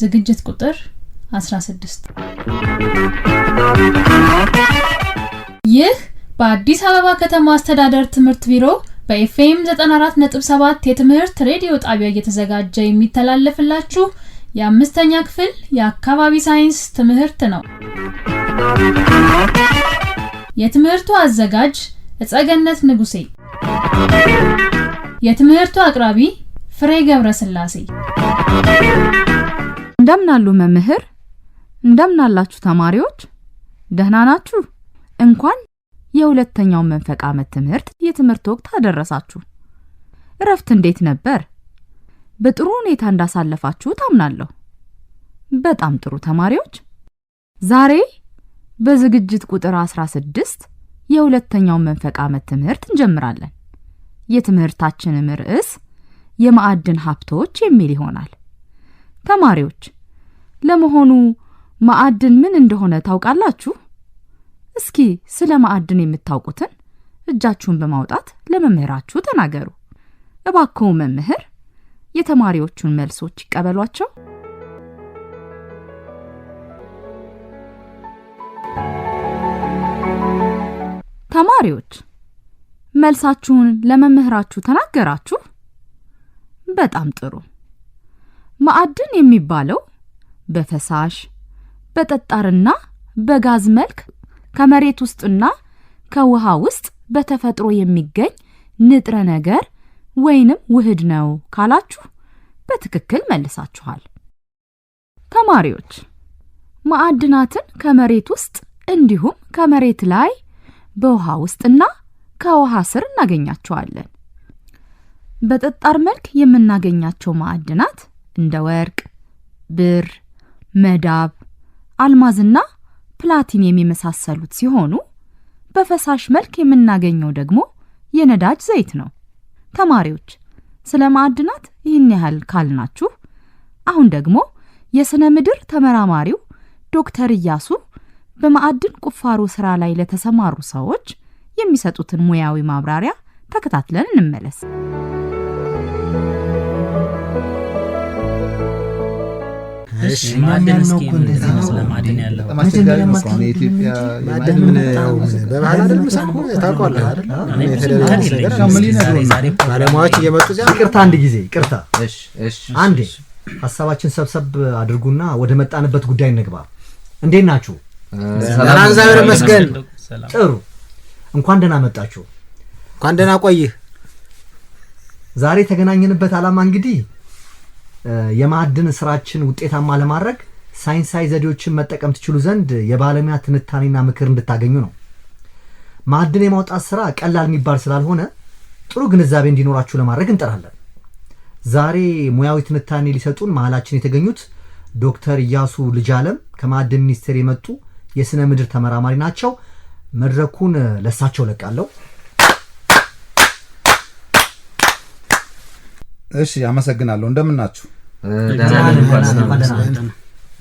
ዝግጅት ቁጥር 16 ይህ በአዲስ አበባ ከተማ አስተዳደር ትምህርት ቢሮ በኤፍኤም 94.7 የትምህርት ሬዲዮ ጣቢያ እየተዘጋጀ የሚተላለፍላችሁ የአምስተኛ ክፍል የአካባቢ ሳይንስ ትምህርት ነው። የትምህርቱ አዘጋጅ እጸገነት ንጉሴ የትምህርቱ አቅራቢ ፍሬ ገብረስላሴ። እንደምናሉ መምህር፣ እንደምናላችሁ ተማሪዎች፣ ደህና ናችሁ? እንኳን የሁለተኛው መንፈቅ ዓመት ትምህርት የትምህርት ወቅት አደረሳችሁ። እረፍት እንዴት ነበር? በጥሩ ሁኔታ እንዳሳለፋችሁ ታምናለሁ። በጣም ጥሩ ተማሪዎች፣ ዛሬ በዝግጅት ቁጥር 16 የሁለተኛው መንፈቅ ዓመት ትምህርት እንጀምራለን። የትምህርታችንም ርዕስ የማዕድን ሀብቶች የሚል ይሆናል። ተማሪዎች ለመሆኑ ማዕድን ምን እንደሆነ ታውቃላችሁ? እስኪ ስለ ማዕድን የምታውቁትን እጃችሁን በማውጣት ለመምህራችሁ ተናገሩ። እባክዎ መምህር የተማሪዎቹን መልሶች ይቀበሏቸው። ተማሪዎች መልሳችሁን ለመምህራችሁ ተናገራችሁ? በጣም ጥሩ። ማዕድን የሚባለው በፈሳሽ በጠጣርና በጋዝ መልክ ከመሬት ውስጥና ከውሃ ውስጥ በተፈጥሮ የሚገኝ ንጥረ ነገር ወይንም ውህድ ነው ካላችሁ በትክክል መልሳችኋል። ተማሪዎች ማዕድናትን ከመሬት ውስጥ እንዲሁም ከመሬት ላይ በውሃ ውስጥና ከውሃ ስር እናገኛቸዋለን። በጠጣር መልክ የምናገኛቸው ማዕድናት እንደ ወርቅ፣ ብር፣ መዳብ፣ አልማዝና ፕላቲን የሚመሳሰሉት ሲሆኑ በፈሳሽ መልክ የምናገኘው ደግሞ የነዳጅ ዘይት ነው። ተማሪዎች ስለ ማዕድናት ይህን ያህል ካልናችሁ፣ አሁን ደግሞ የሥነ ምድር ተመራማሪው ዶክተር እያሱ በማዕድን ቁፋሮ ሥራ ላይ ለተሰማሩ ሰዎች የሚሰጡትን ሙያዊ ማብራሪያ ተከታትለን እንመለስ። ባለሙያዎች እየመጡ ቅርታ፣ አንድ ጊዜ ቅርታ፣ አንዴ ሀሳባችን ሰብሰብ አድርጉና ወደ መጣንበት ጉዳይ እንግባ። እንዴት ናችሁ? ሰላም፣ እግዚአብሔር ይመስገን። ጥሩ እንኳን ደህና መጣችሁ። እንኳን ደህና ቆይህ። ዛሬ የተገናኘንበት ዓላማ እንግዲህ የማዕድን ስራችን ውጤታማ ለማድረግ ሳይንሳዊ ዘዴዎችን መጠቀም ትችሉ ዘንድ የባለሙያ ትንታኔና ምክር እንድታገኙ ነው። ማዕድን የማውጣት ስራ ቀላል የሚባል ስላልሆነ ጥሩ ግንዛቤ እንዲኖራችሁ ለማድረግ እንጠራለን። ዛሬ ሙያዊ ትንታኔ ሊሰጡን መሀላችን የተገኙት ዶክተር እያሱ ልጅ አለም ከማዕድን ሚኒስቴር የመጡ የሥነ ምድር ተመራማሪ ናቸው። መድረኩን ለሳቸው ለቃለው። እሺ፣ አመሰግናለሁ። እንደምናችሁ።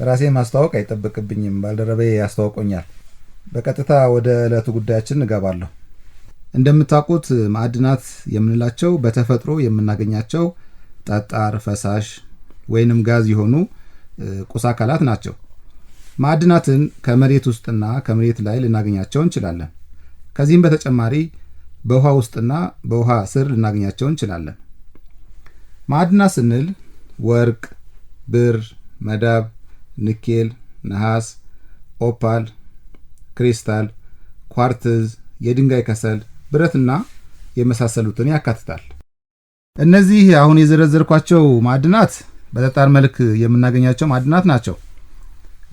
ራሴ ማስተዋወቅ አይጠበቅብኝም፣ ባልደረባዬ ያስተዋውቆኛል። በቀጥታ ወደ ዕለቱ ጉዳያችን እንገባለሁ። እንደምታውቁት ማዕድናት የምንላቸው በተፈጥሮ የምናገኛቸው ጠጣር፣ ፈሳሽ ወይንም ጋዝ የሆኑ ቁስ አካላት ናቸው። ማዕድናትን ከመሬት ውስጥና ከመሬት ላይ ልናገኛቸው እንችላለን። ከዚህም በተጨማሪ በውሃ ውስጥና በውሃ ስር ልናገኛቸው እንችላለን። ማዕድናት ስንል ወርቅ፣ ብር፣ መዳብ፣ ንኬል፣ ነሐስ፣ ኦፓል፣ ክሪስታል፣ ኳርትዝ፣ የድንጋይ ከሰል፣ ብረትና የመሳሰሉትን ያካትታል። እነዚህ አሁን የዘረዘርኳቸው ማዕድናት በጠጣር መልክ የምናገኛቸው ማዕድናት ናቸው።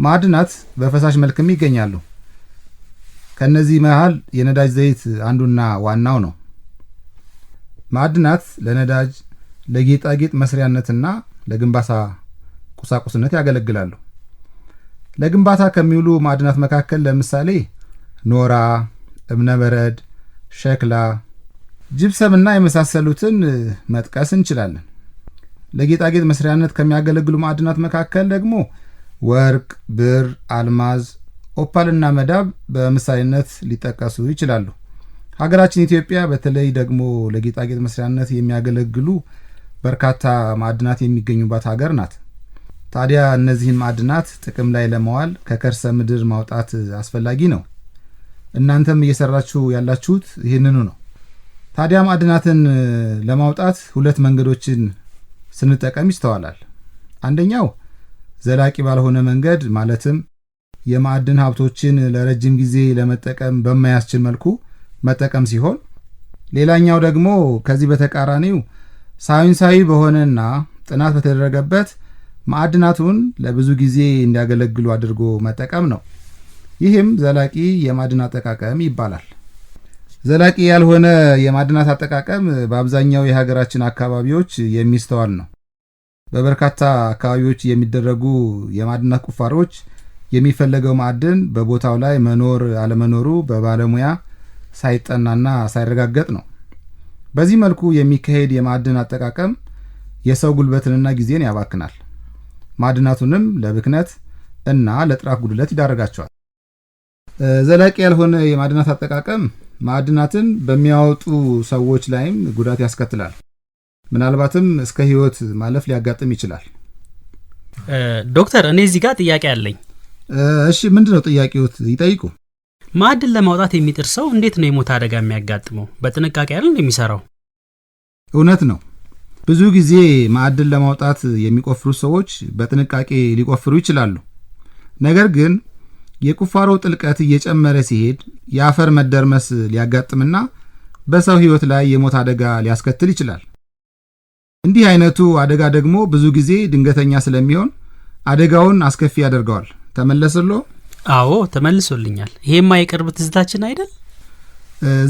ማዕድናት በፈሳሽ መልክም ይገኛሉ። ከእነዚህ መሃል የነዳጅ ዘይት አንዱና ዋናው ነው። ማዕድናት ለነዳጅ፣ ለጌጣጌጥ መስሪያነትና ለግንባታ ቁሳቁስነት ያገለግላሉ። ለግንባታ ከሚውሉ ማዕድናት መካከል ለምሳሌ ኖራ፣ እብነበረድ፣ ሸክላ፣ ጅብሰምና የመሳሰሉትን መጥቀስ እንችላለን። ለጌጣጌጥ መስሪያነት ከሚያገለግሉ ማዕድናት መካከል ደግሞ ወርቅ፣ ብር፣ አልማዝ፣ ኦፓልና መዳብ በምሳሌነት ሊጠቀሱ ይችላሉ። ሀገራችን ኢትዮጵያ በተለይ ደግሞ ለጌጣጌጥ መስሪያነት የሚያገለግሉ በርካታ ማዕድናት የሚገኙባት ሀገር ናት። ታዲያ እነዚህን ማዕድናት ጥቅም ላይ ለመዋል ከከርሰ ምድር ማውጣት አስፈላጊ ነው። እናንተም እየሰራችሁ ያላችሁት ይህንኑ ነው። ታዲያ ማዕድናትን ለማውጣት ሁለት መንገዶችን ስንጠቀም ይስተዋላል። አንደኛው ዘላቂ ባልሆነ መንገድ ማለትም የማዕድን ሀብቶችን ለረጅም ጊዜ ለመጠቀም በማያስችል መልኩ መጠቀም ሲሆን፣ ሌላኛው ደግሞ ከዚህ በተቃራኒው ሳይንሳዊ በሆነና ጥናት በተደረገበት ማዕድናቱን ለብዙ ጊዜ እንዲያገለግሉ አድርጎ መጠቀም ነው። ይህም ዘላቂ የማዕድን አጠቃቀም ይባላል። ዘላቂ ያልሆነ የማዕድናት አጠቃቀም በአብዛኛው የሀገራችን አካባቢዎች የሚስተዋል ነው። በበርካታ አካባቢዎች የሚደረጉ የማዕድናት ቁፋሮች የሚፈለገው ማዕድን በቦታው ላይ መኖር አለመኖሩ በባለሙያ ሳይጠናና ሳይረጋገጥ ነው። በዚህ መልኩ የሚካሄድ የማዕድን አጠቃቀም የሰው ጉልበትንና ጊዜን ያባክናል። ማዕድናቱንም ለብክነት እና ለጥራት ጉድለት ይዳረጋቸዋል። ዘላቂ ያልሆነ የማዕድናት አጠቃቀም ማዕድናትን በሚያወጡ ሰዎች ላይም ጉዳት ያስከትላል። ምናልባትም እስከ ህይወት ማለፍ ሊያጋጥም ይችላል። ዶክተር እኔ እዚህ ጋር ጥያቄ አለኝ። እሺ ምንድን ነው ጥያቄዎት? ይጠይቁ። ማዕድን ለማውጣት የሚጥር ሰው እንዴት ነው የሞት አደጋ የሚያጋጥመው? በጥንቃቄ ያለ የሚሰራው? እውነት ነው። ብዙ ጊዜ ማዕድን ለማውጣት የሚቆፍሩ ሰዎች በጥንቃቄ ሊቆፍሩ ይችላሉ። ነገር ግን የቁፋሮ ጥልቀት እየጨመረ ሲሄድ የአፈር መደርመስ ሊያጋጥምና በሰው ህይወት ላይ የሞት አደጋ ሊያስከትል ይችላል። እንዲህ አይነቱ አደጋ ደግሞ ብዙ ጊዜ ድንገተኛ ስለሚሆን አደጋውን አስከፊ ያደርገዋል። ተመለስሎ? አዎ ተመልሶልኛል። ይሄማ የቅርብ ትዝታችን አይደል?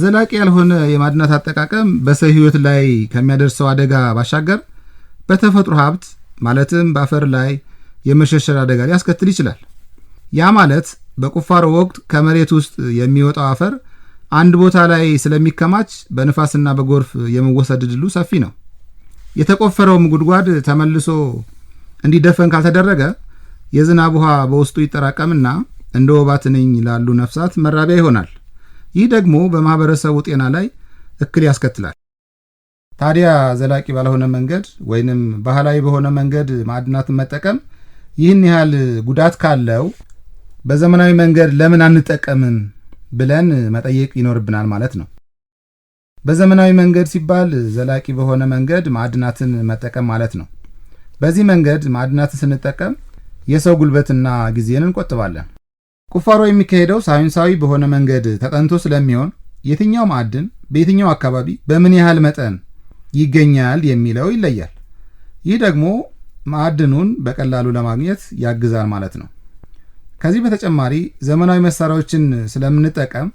ዘላቂ ያልሆነ የማድናት አጠቃቀም በሰው ሕይወት ላይ ከሚያደርሰው አደጋ ባሻገር በተፈጥሮ ሀብት ማለትም በአፈር ላይ የመሸርሸር አደጋ ሊያስከትል ይችላል። ያ ማለት በቁፋሮ ወቅት ከመሬት ውስጥ የሚወጣው አፈር አንድ ቦታ ላይ ስለሚከማች በንፋስና በጎርፍ የመወሰድ ዕድሉ ሰፊ ነው። የተቆፈረውም ጉድጓድ ተመልሶ እንዲደፈን ካልተደረገ የዝናብ ውሃ በውስጡ ይጠራቀምና እንደ ወባ ትንኝ ላሉ ነፍሳት መራቢያ ይሆናል። ይህ ደግሞ በማህበረሰቡ ጤና ላይ እክል ያስከትላል። ታዲያ ዘላቂ ባልሆነ መንገድ ወይንም ባህላዊ በሆነ መንገድ ማዕድናትን መጠቀም ይህን ያህል ጉዳት ካለው በዘመናዊ መንገድ ለምን አንጠቀምም ብለን መጠየቅ ይኖርብናል ማለት ነው። በዘመናዊ መንገድ ሲባል ዘላቂ በሆነ መንገድ ማዕድናትን መጠቀም ማለት ነው። በዚህ መንገድ ማዕድናትን ስንጠቀም የሰው ጉልበትና ጊዜን እንቆጥባለን። ቁፋሮ የሚካሄደው ሳይንሳዊ በሆነ መንገድ ተጠንቶ ስለሚሆን የትኛው ማዕድን በየትኛው አካባቢ በምን ያህል መጠን ይገኛል የሚለው ይለያል። ይህ ደግሞ ማዕድኑን በቀላሉ ለማግኘት ያግዛል ማለት ነው። ከዚህ በተጨማሪ ዘመናዊ መሳሪያዎችን ስለምንጠቀም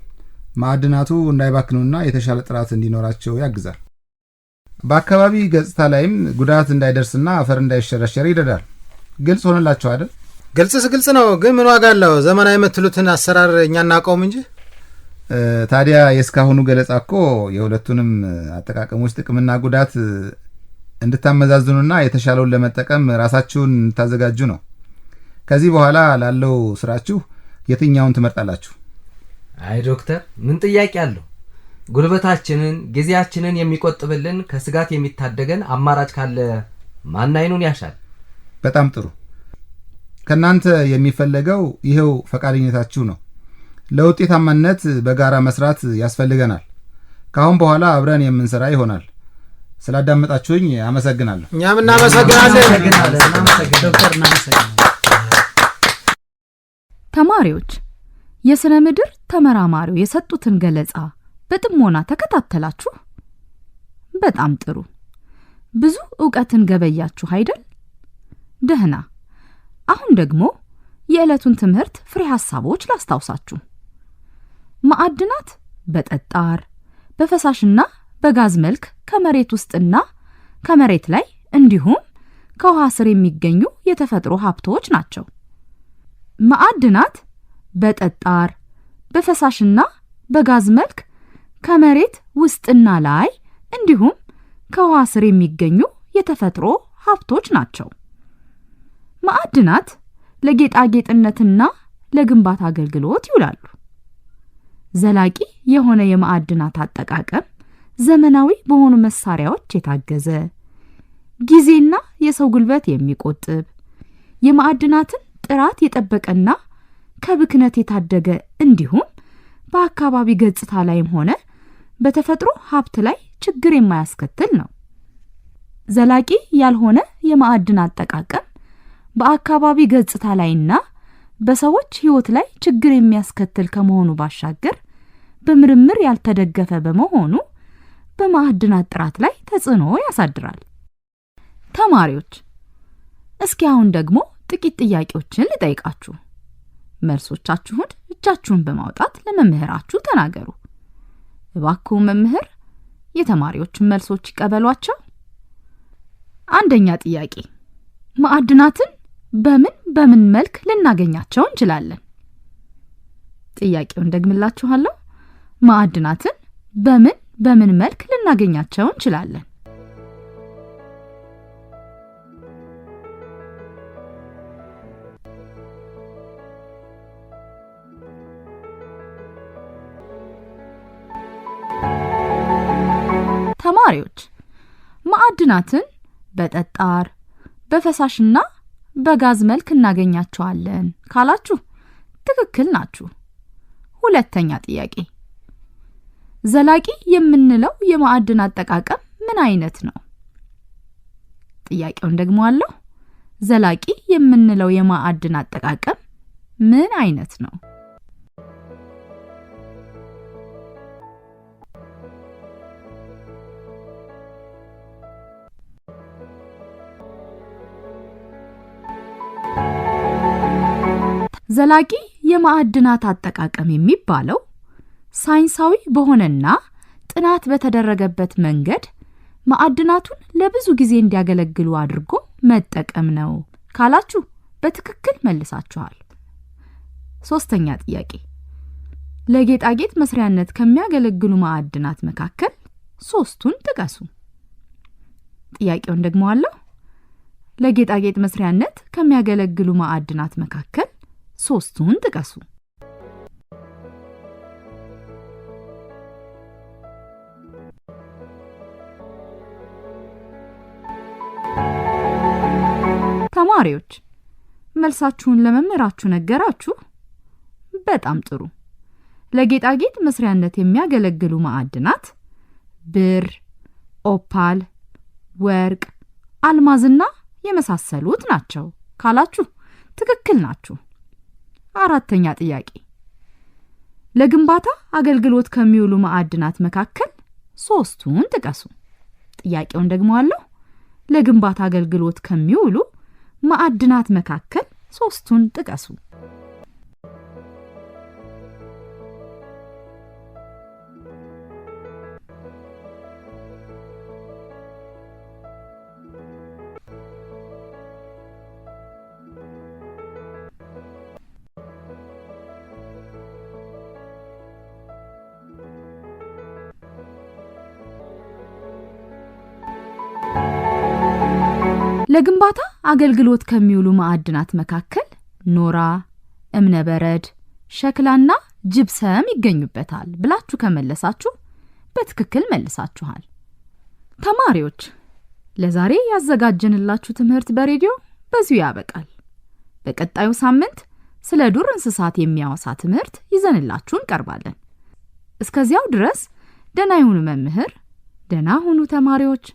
ማዕድናቱ እንዳይባክኑና የተሻለ ጥራት እንዲኖራቸው ያግዛል። በአካባቢ ገጽታ ላይም ጉዳት እንዳይደርስና አፈር እንዳይሸረሸር ይረዳል። ግልጽ ሆነላቸው አይደል? ግልጽስ ግልጽ ነው፣ ግን ምን ዋጋ አለው? ዘመናዊ የምትሉትን አሰራር እኛ እናውቀውም እንጂ። ታዲያ የእስካሁኑ ገለጻ እኮ የሁለቱንም አጠቃቀሞች ጥቅምና ጉዳት እንድታመዛዝኑና የተሻለውን ለመጠቀም ራሳችሁን እንድታዘጋጁ ነው። ከዚህ በኋላ ላለው ስራችሁ የትኛውን ትመርጣላችሁ? አይ ዶክተር፣ ምን ጥያቄ አለው? ጉልበታችንን ጊዜያችንን የሚቆጥብልን ከስጋት የሚታደገን አማራጭ ካለ ማን አይኑን ያሻል? በጣም ጥሩ። ከእናንተ የሚፈለገው ይኸው ፈቃደኝነታችሁ ነው። ለውጤታማነት በጋራ መስራት ያስፈልገናል። ከአሁን በኋላ አብረን የምንሰራ ይሆናል። ስላዳመጣችሁኝ አመሰግናለሁ። እኛም እናመሰግናለን። ተማሪዎች የሥነ ምድር ተመራማሪው የሰጡትን ገለጻ በጥሞና ተከታተላችሁ? በጣም ጥሩ። ብዙ እውቀትን ገበያችሁ አይደል? ደህና። አሁን ደግሞ የዕለቱን ትምህርት ፍሬ ሐሳቦች ላስታውሳችሁ። ማዕድናት በጠጣር በፈሳሽና በጋዝ መልክ ከመሬት ውስጥና ከመሬት ላይ እንዲሁም ከውሃ ስር የሚገኙ የተፈጥሮ ሀብቶች ናቸው። ማዕድናት በጠጣር በፈሳሽና በጋዝ መልክ ከመሬት ውስጥና ላይ እንዲሁም ከውሃ ስር የሚገኙ የተፈጥሮ ሀብቶች ናቸው። ማዕድናት ለጌጣጌጥነትና ለግንባታ አገልግሎት ይውላሉ። ዘላቂ የሆነ የማዕድናት አጠቃቀም ዘመናዊ በሆኑ መሳሪያዎች የታገዘ ጊዜና የሰው ጉልበት የሚቆጥብ የማዕድናትን ጥራት የጠበቀና ከብክነት የታደገ እንዲሁም በአካባቢ ገጽታ ላይም ሆነ በተፈጥሮ ሀብት ላይ ችግር የማያስከትል ነው። ዘላቂ ያልሆነ የማዕድን አጠቃቀም በአካባቢ ገጽታ ላይና በሰዎች ሕይወት ላይ ችግር የሚያስከትል ከመሆኑ ባሻገር በምርምር ያልተደገፈ በመሆኑ በማዕድናት ጥራት ላይ ተጽዕኖ ያሳድራል። ተማሪዎች፣ እስኪ አሁን ደግሞ ጥቂት ጥያቄዎችን ልጠይቃችሁ። መልሶቻችሁን እጃችሁን በማውጣት ለመምህራችሁ ተናገሩ። እባክዎ መምህር የተማሪዎችን መልሶች ይቀበሏቸው። አንደኛ ጥያቄ፣ ማዕድናትን በምን በምን መልክ ልናገኛቸው እንችላለን? ጥያቄውን ደግምላችኋለሁ። ማዕድናትን በምን በምን መልክ ልናገኛቸው እንችላለን? ማዕድናትን በጠጣር በፈሳሽና በጋዝ መልክ እናገኛቸዋለን ካላችሁ ትክክል ናችሁ። ሁለተኛ ጥያቄ ዘላቂ የምንለው የማዕድን አጠቃቀም ምን አይነት ነው? ጥያቄውን ደግሞ አለው። ዘላቂ የምንለው የማዕድን አጠቃቀም ምን አይነት ነው? ዘላቂ የማዕድናት አጠቃቀም የሚባለው ሳይንሳዊ በሆነና ጥናት በተደረገበት መንገድ ማዕድናቱን ለብዙ ጊዜ እንዲያገለግሉ አድርጎ መጠቀም ነው ካላችሁ በትክክል መልሳችኋል። ሶስተኛ ጥያቄ ለጌጣጌጥ መስሪያነት ከሚያገለግሉ ማዕድናት መካከል ሶስቱን ጥቀሱ። ጥያቄውን ደግሞ አለው ለጌጣጌጥ መስሪያነት ከሚያገለግሉ ማዕድናት መካከል ሶስቱን ጥቀሱ። ተማሪዎች መልሳችሁን ለመምህራችሁ ነገራችሁ? በጣም ጥሩ። ለጌጣጌጥ መስሪያነት የሚያገለግሉ ማዕድናት ብር፣ ኦፓል፣ ወርቅ፣ አልማዝና የመሳሰሉት ናቸው ካላችሁ ትክክል ናችሁ። አራተኛ ጥያቄ ለግንባታ አገልግሎት ከሚውሉ ማዕድናት መካከል ሶስቱን ጥቀሱ። ጥያቄውን ደግሞ አለው። ለግንባታ አገልግሎት ከሚውሉ ማዕድናት መካከል ሶስቱን ጥቀሱ። ለግንባታ አገልግሎት ከሚውሉ ማዕድናት መካከል ኖራ፣ እብነበረድ፣ ሸክላና ጅብሰም ይገኙበታል ብላችሁ ከመለሳችሁ በትክክል መልሳችኋል። ተማሪዎች ለዛሬ ያዘጋጀንላችሁ ትምህርት በሬዲዮ በዚሁ ያበቃል። በቀጣዩ ሳምንት ስለ ዱር እንስሳት የሚያወሳ ትምህርት ይዘንላችሁ እንቀርባለን። እስከዚያው ድረስ ደህና ይሁኑ መምህር፣ ደህና ሁኑ ተማሪዎች።